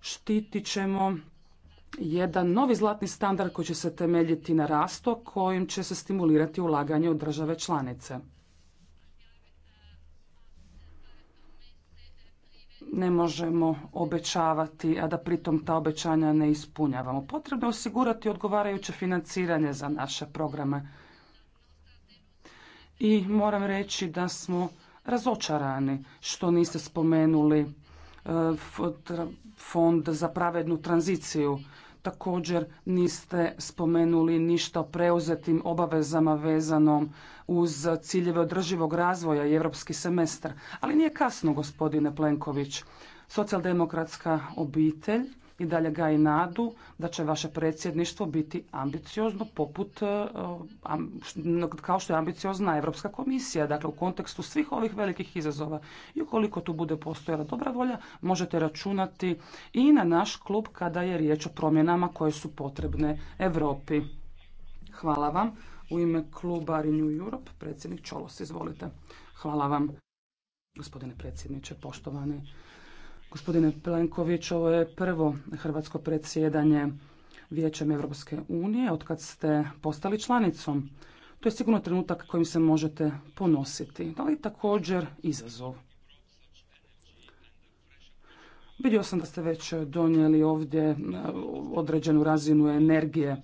Štitit ćemo jedan novi zlatni standard koji će se temeljiti na rastu kojim će se stimulirati ulaganje u države članice. ne možemo obećavati, a da pritom ta obećanja ne ispunjavamo. Potrebno je osigurati odgovarajuće financiranje za naše programe. I moram reći da smo razočarani što niste spomenuli eh, fond za pravednu tranziciju također niste spomenuli ništa o preuzetim obavezama vezanom uz ciljeve održivog razvoja i europski semestar. Ali nije kasno, gospodine Plenković. Socijaldemokratska obitelj i dalje ga i nadu da će vaše predsjedništvo biti ambiciozno poput e, kao što je ambiciozna Europska komisija, dakle u kontekstu svih ovih velikih izazova. I ukoliko tu bude postojala dobra volja, možete računati i na naš klub kada je riječ o promjenama koje su potrebne Europi. Hvala vam. U ime kluba Renew Europe, predsjednik Čolos, izvolite. Hvala vam, gospodine predsjedniče, poštovane. Gospodine Plenković, ovo je prvo hrvatsko predsjedanje Vijećem Europske unije kad ste postali članicom. To je sigurno trenutak kojim se možete ponositi, ali također izazov. Vidio sam da ste već donijeli ovdje e, određenu razinu energije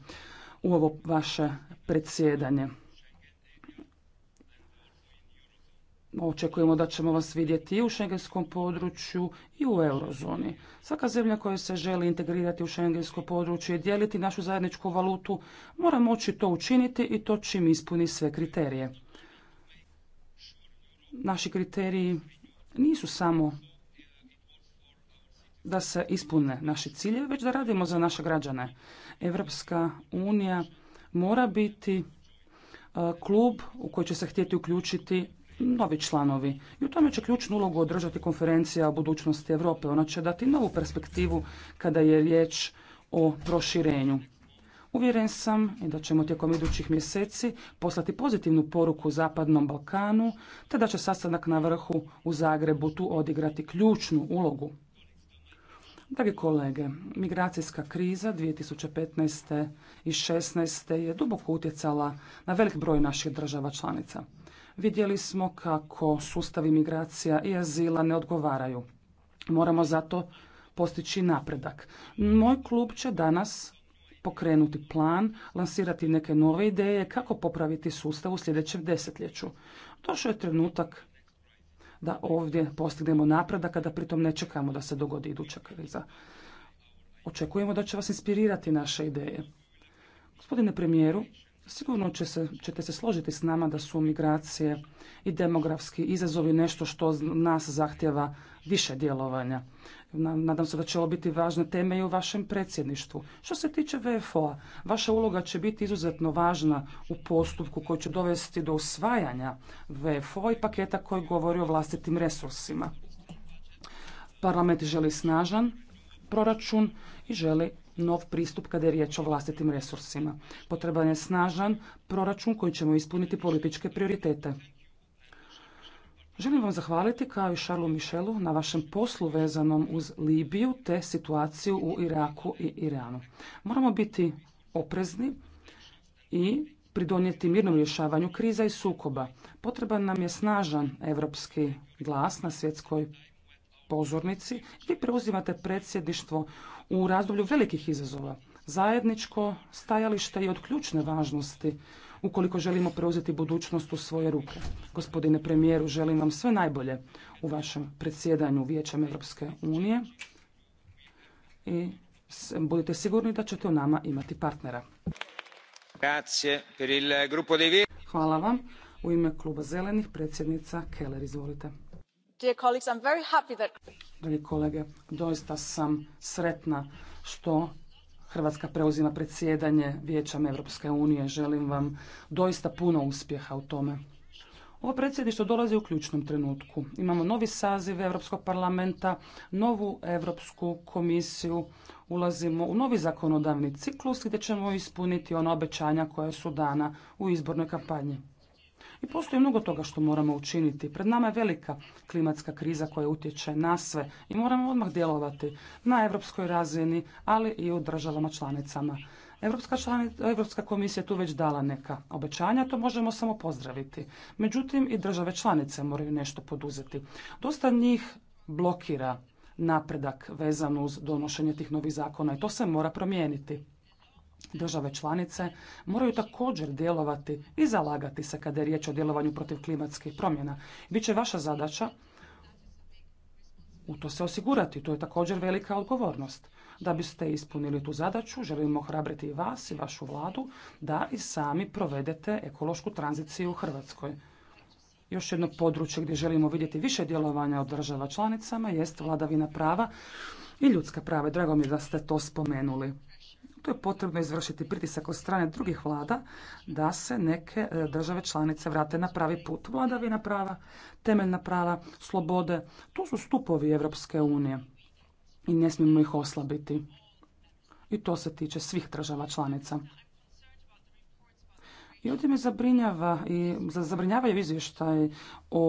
u ovo vaše predsjedanje. Očekujemo da ćemo vas vidjeti i u šengenskom području i u eurozoni. Svaka zemlja koja se želi integrirati u šengensko područje i dijeliti našu zajedničku valutu mora moći to učiniti i to čim ispuni sve kriterije. Naši kriteriji nisu samo da se ispune naši ciljevi, već da radimo za naše građane. Evropska unija mora biti e, klub u koji će se htjeti uključiti novi članovi. I u tome će ključnu ulogu održati konferencija o budućnosti Europe. Ona će dati novu perspektivu kada je riječ o proširenju. Uvjeren sam i da ćemo tijekom idućih mjeseci poslati pozitivnu poruku Zapadnom Balkanu, te da će sastanak na vrhu u Zagrebu tu odigrati ključnu ulogu. Dragi kolege, migracijska kriza 2015. i 16. je duboko utjecala na velik broj naših država članica vidjeli smo kako sustavi migracija i azila ne odgovaraju. Moramo zato postići napredak. Moj klub će danas pokrenuti plan, lansirati neke nove ideje kako popraviti sustav u sljedećem desetljeću. Došao je trenutak da ovdje postignemo napredak, a da pritom ne čekamo da se dogodi iduća kriza. Očekujemo da će vas inspirirati naše ideje. Gospodine premijeru, Sigurno će se, ćete se složiti s nama da su migracije i demografski izazovi nešto što nas zahtjeva više djelovanja. Nadam se da će ovo biti važne teme i u vašem predsjedništvu. Što se tiče VFO-a, vaša uloga će biti izuzetno važna u postupku koji će dovesti do usvajanja VFO i paketa koji govori o vlastitim resursima. Parlament želi snažan proračun i želi nov pristup kada je riječ o vlastitim resursima. Potreban je snažan proračun koji ćemo ispuniti političke prioritete. Želim vam zahvaliti kao i Šarlu Michelu na vašem poslu vezanom uz Libiju te situaciju u Iraku i Iranu. Moramo biti oprezni i pridonijeti mirnom rješavanju kriza i sukoba. Potreban nam je snažan europski glas na svjetskoj pozornici, vi preuzimate predsjedništvo u razdoblju velikih izazova. Zajedničko stajalište je od ključne važnosti ukoliko želimo preuzeti budućnost u svoje ruke. Gospodine premijeru, želim vam sve najbolje u vašem predsjedanju Vijećem Europske unije i budite sigurni da ćete u nama imati partnera. Hvala vam. U ime kluba Zelenih predsjednica Keller, izvolite. Dragi kolege, doista sam sretna što Hrvatska preuzima predsjedanje Vijećem Europske unije. Želim vam doista puno uspjeha u tome. Ovo predsjedništvo dolazi u ključnom trenutku. Imamo novi saziv Europskog parlamenta, novu Europsku komisiju, ulazimo u novi zakonodavni ciklus gdje ćemo ispuniti ona obećanja koja su dana u izbornoj kampanji. I postoji mnogo toga što moramo učiniti. Pred nama je velika klimatska kriza koja utječe na sve i moramo odmah djelovati na europskoj razini, ali i u državama članicama. Europska, komisija je tu već dala neka obećanja, to možemo samo pozdraviti. Međutim, i države članice moraju nešto poduzeti. Dosta njih blokira napredak vezan uz donošenje tih novih zakona i to se mora promijeniti. Države članice moraju također djelovati i zalagati se kada je riječ o djelovanju protiv klimatskih promjena. Biće vaša zadaća u to se osigurati, to je također velika odgovornost. Da biste ispunili tu zadaću, želimo ohrabriti i vas i vašu vladu da i sami provedete ekološku tranziciju u Hrvatskoj. Još jedno područje gdje želimo vidjeti više djelovanja od država članicama jest vladavina prava i ljudska prava. Drago mi je da ste to spomenuli. Tu je potrebno izvršiti pritisak od strane drugih vlada da se neke e, države članice vrate na pravi put. Vladavina prava, temeljna prava, slobode, to su stupovi Europske unije i ne smijemo ih oslabiti. I to se tiče svih država članica. I ovdje me zabrinjava i zabrinjavaju izvještaj o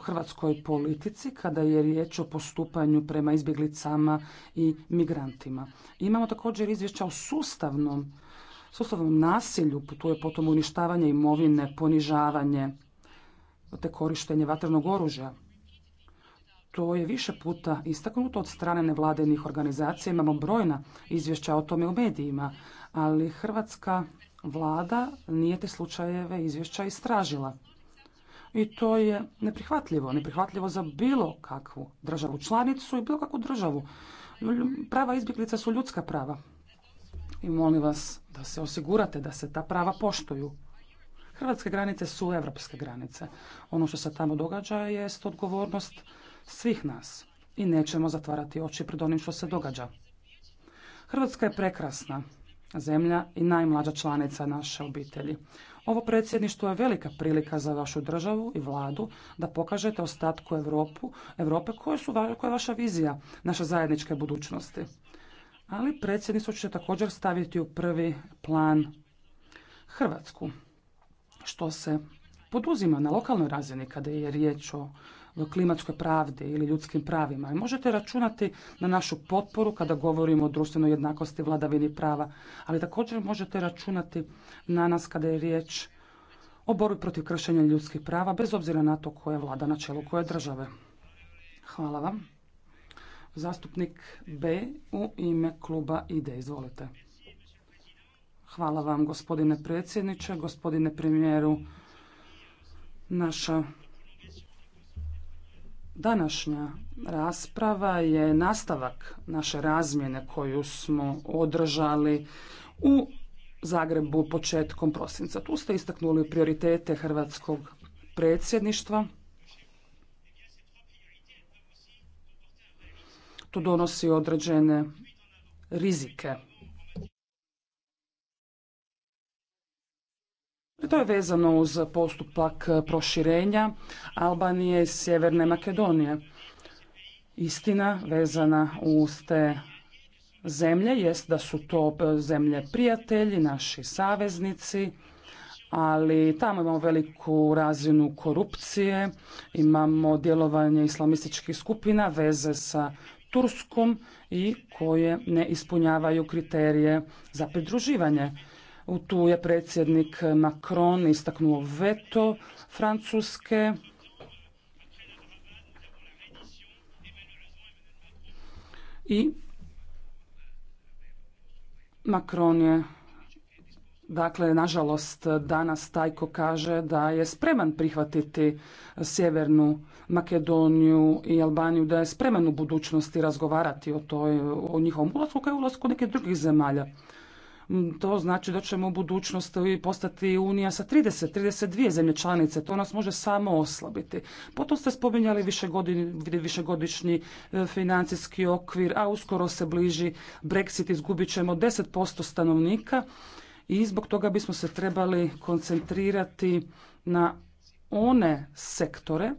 hrvatskoj politici kada je riječ o postupanju prema izbjeglicama i migrantima. Imamo također izvješća o sustavnom, sustavnom nasilju, tu je potom uništavanje imovine, ponižavanje, te korištenje vatrenog oružja. To je više puta istaknuto od strane nevladenih organizacija. Imamo brojna izvješća o tome u medijima, ali Hrvatska vlada nije te slučajeve izvješća istražila. I to je neprihvatljivo, neprihvatljivo za bilo kakvu državu članicu i bilo kakvu državu. Prava izbjeglica su ljudska prava. I molim vas da se osigurate da se ta prava poštuju. Hrvatske granice su evropske granice. Ono što se tamo događa jest odgovornost svih nas i nećemo zatvarati oči pred onim što se događa. Hrvatska je prekrasna zemlja i najmlađa članica naše obitelji. Ovo predsjedništvo je velika prilika za vašu državu i vladu da pokažete ostatku Europu, Europe koje su, koja je vaša vizija naše zajedničke budućnosti. Ali predsjedništvo će također staviti u prvi plan Hrvatsku. Što se poduzima na lokalnoj razini kada je riječ o klimatskoj pravdi ili ljudskim pravima. I možete računati na našu potporu kada govorimo o društvenoj jednakosti, vladavini prava, ali također možete računati na nas kada je riječ o borbi protiv kršenja ljudskih prava, bez obzira na to koja je vlada na čelu koje države. Hvala vam. Zastupnik B u ime kluba IDE. Izvolite. Hvala vam gospodine predsjedniče, gospodine premijeru. Naša Današnja rasprava je nastavak naše razmjene koju smo održali u Zagrebu početkom prosinca. Tu ste istaknuli prioritete hrvatskog predsjedništva. To donosi određene rizike To je vezano uz postupak proširenja Albanije i Sjeverne Makedonije. Istina vezana uz te zemlje jest da su to zemlje prijatelji, naši saveznici, ali tamo imamo veliku razinu korupcije, imamo djelovanje islamističkih skupina, veze sa Turskom i koje ne ispunjavaju kriterije za pridruživanje. Tu je predsjednik Macron istaknuo veto Francuske. I Macron je Dakle, nažalost, danas Tajko kaže da je spreman prihvatiti Sjevernu Makedoniju i Albaniju, da je spreman u budućnosti razgovarati o, toj, o njihovom ulasku kao i ulasku nekih drugih zemalja. Mm, to znači da ćemo u budućnosti postati Unija sa 30, 32 zemlje članice. To nas može samo oslabiti. Potom ste spominjali višegodišnji e, financijski okvir, a uskoro se bliži Brexit, izgubit ćemo 10% stanovnika i zbog toga bismo se trebali koncentrirati na one sektore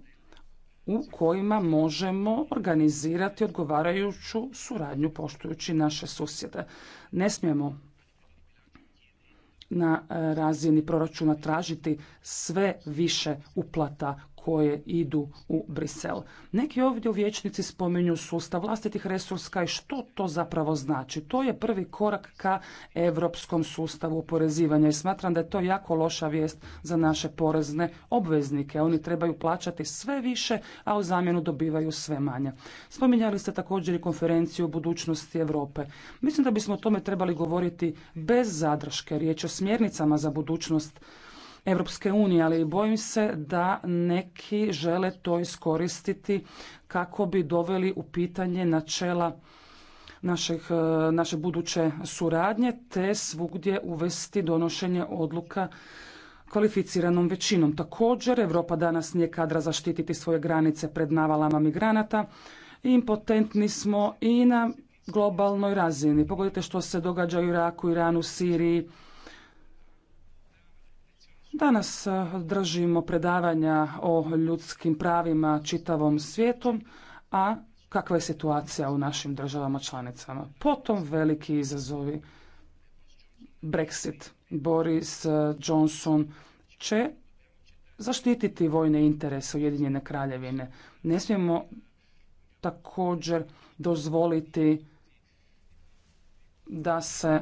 u kojima možemo organizirati odgovarajuću suradnju poštujući naše susjede. Ne smijemo na e, razini proračuna tražiti sve više uplata koje idu u Brisel. Neki ovdje u vječnici spominju sustav vlastitih resurska i što to zapravo znači. To je prvi korak ka europskom sustavu oporezivanja i smatram da je to jako loša vijest za naše porezne obveznike. Oni trebaju plaćati sve više, a u zamjenu dobivaju sve manje. Spominjali ste također i konferenciju o budućnosti Europe. Mislim da bismo o tome trebali govoriti bez zadrške. Riječ o smjernicama za budućnost Europske unije, ali bojim se da neki žele to iskoristiti kako bi doveli u pitanje načela našeg, e, naše buduće suradnje te svugdje uvesti donošenje odluka kvalificiranom većinom. Također, Europa danas nije kadra zaštititi svoje granice pred navalama migranata. Impotentni smo i na globalnoj razini. Pogledajte što se događa u Iraku, Iranu, Siriji, Danas e, držimo predavanja o ljudskim pravima čitavom svijetu, a kakva je situacija u našim državama članicama. Potom veliki izazovi. Brexit. Boris e, Johnson će zaštititi vojne interese Ujedinjene kraljevine. Ne smijemo također dozvoliti da se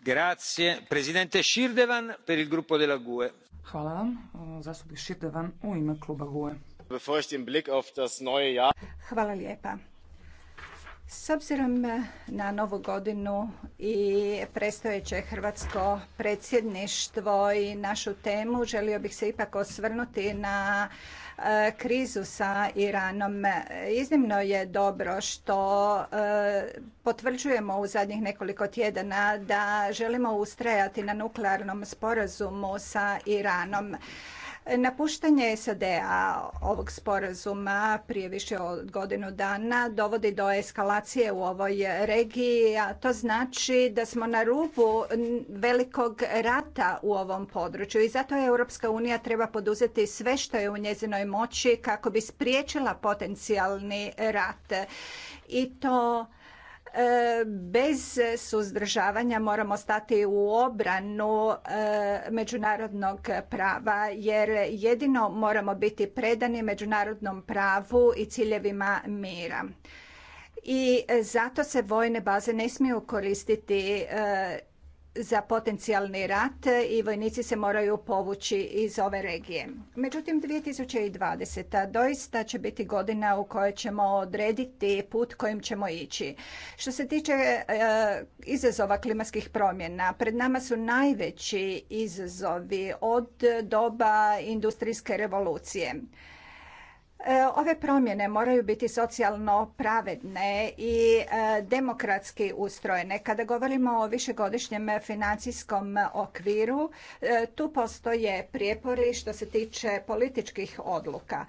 Grazie. Presidente Širdevan, per il gruppo della GUE. Hvala vam. Zastupnik Širdevan u ime kluba GUE. Hvala lijepa. S obzirom na novu godinu i prestojeće hrvatsko predsjedništvo i našu temu, želio bih se ipak osvrnuti na krizu sa Iranom. Iznimno je dobro što e, potvrđujemo u zadnjih nekoliko tjedana da želimo ustrajati na nuklearnom sporazumu sa Iranom. Napuštanje SAD-a ovog sporazuma prije više od godinu dana dovodi do eskalacije u ovoj regiji, a to znači da smo na rubu velikog rata u ovom području i zato je Europska unija treba poduzeti sve što je u njezinoj moći kako bi spriječila potencijalni rat. I to E, bez suzdržavanja moramo stati u obranu e, međunarodnog prava jer jedino moramo biti predani međunarodnom pravu i ciljevima mira. I zato se vojne baze ne smiju koristiti e, za potencijalni rat i vojnici se moraju povući iz ove regije. Međutim, 2020. doista će biti godina u kojoj ćemo odrediti put kojim ćemo ići. Što se tiče e, izazova klimatskih promjena, pred nama su najveći izazovi od doba industrijske revolucije. E, ove promjene moraju biti socijalno pravedne i e, demokratski ustrojene. Kada govorimo o višegodišnjem financijskom okviru, e, tu postoje prijepori što se tiče političkih odluka.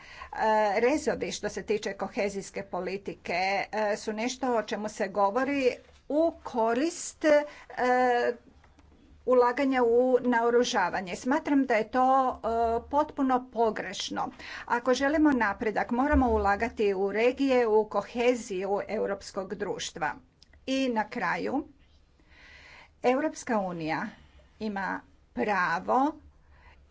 Rezovi što se tiče kohezijske politike su nešto o čemu se govori u korist ulaganja u naoružavanje. Smatram da je to e, potpuno pogrešno. Ako želimo napredak, moramo ulagati u regije, u koheziju europskog društva. I na kraju, Europska unija ima pravo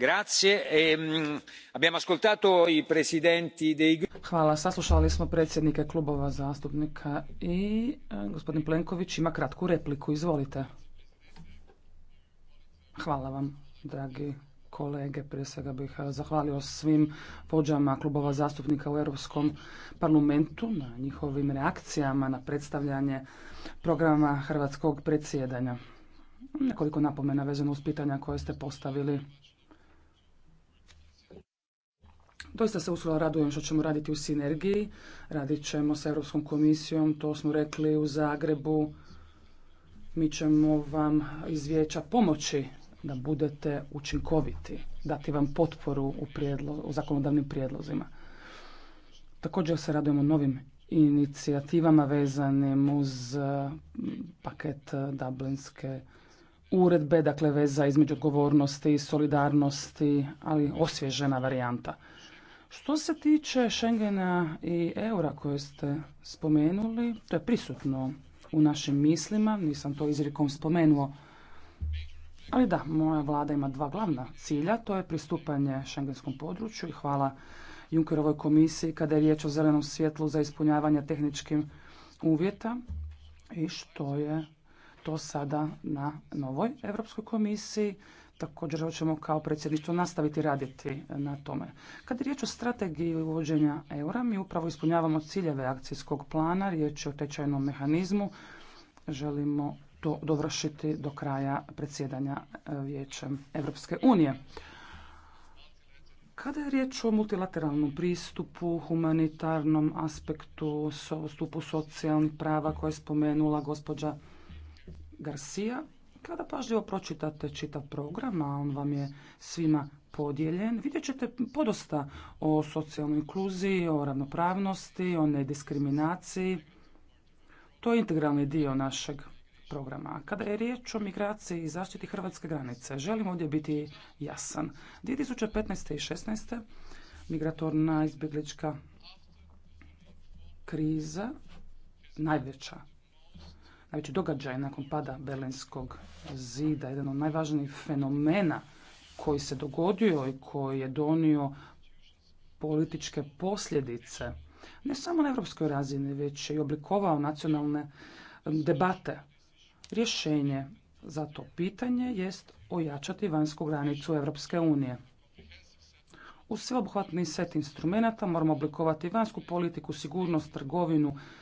Ehm, Hvala. Saslušali smo predsjednike klubova zastupnika i e, gospodin Plenković ima kratku repliku. Izvolite. Hvala vam, dragi kolege. Prije svega bih e, zahvalio svim vođama klubova zastupnika u Europskom parlamentu na njihovim reakcijama na predstavljanje programa hrvatskog predsjedanja. Nekoliko napomena vezano uz pitanja koja ste postavili. Doista se uslo radujem što ćemo raditi u sinergiji. Radit ćemo sa Europskom komisijom, to smo rekli u Zagrebu. Mi ćemo vam iz pomoći da budete učinkoviti, dati vam potporu u, u zakonodavnim prijedlozima. Također se radujemo novim inicijativama vezanim uz e, paket e, Dublinske uredbe, dakle veza između odgovornosti i solidarnosti, ali osvježena varijanta. Što se tiče Schengena i eura koje ste spomenuli, to je prisutno u našim mislima, nisam to izrijekom spomenuo, ali da, moja vlada ima dva glavna cilja, to je pristupanje Schengenskom području i hvala Junkerovoj komisiji kada je riječ o zelenom svjetlu za ispunjavanje tehničkim uvjeta i što je to sada na novoj Europskoj komisiji Također hoćemo kao predsjedništvo nastaviti raditi na tome. Kad je riječ o strategiji uvođenja eura, mi upravo ispunjavamo ciljeve akcijskog plana, riječ je o tečajnom mehanizmu, želimo to dovršiti do kraja predsjedanja e, Vijećem Europske unije. Kada je riječ o multilateralnom pristupu, humanitarnom aspektu, stupu socijalnih prava koje je spomenula gospođa Garcia, kada pažljivo pročitate čitav program, a on vam je svima podijeljen, vidjet ćete podosta o socijalnoj inkluziji, o ravnopravnosti, o nediskriminaciji. To je integralni dio našeg programa. Kada je riječ o migraciji i zaštiti hrvatske granice, želim ovdje biti jasan. 2015. i 16. migratorna izbjeglička kriza najveća najveći događaj nakon pada Berlinskog zida, jedan od najvažnijih fenomena koji se dogodio i koji je donio političke posljedice, ne samo na europskoj razini, već i oblikovao nacionalne debate. Rješenje za to pitanje jest ojačati vanjsku granicu Europske unije. U sveobuhvatni set instrumenata moramo oblikovati vanjsku politiku, sigurnost, trgovinu,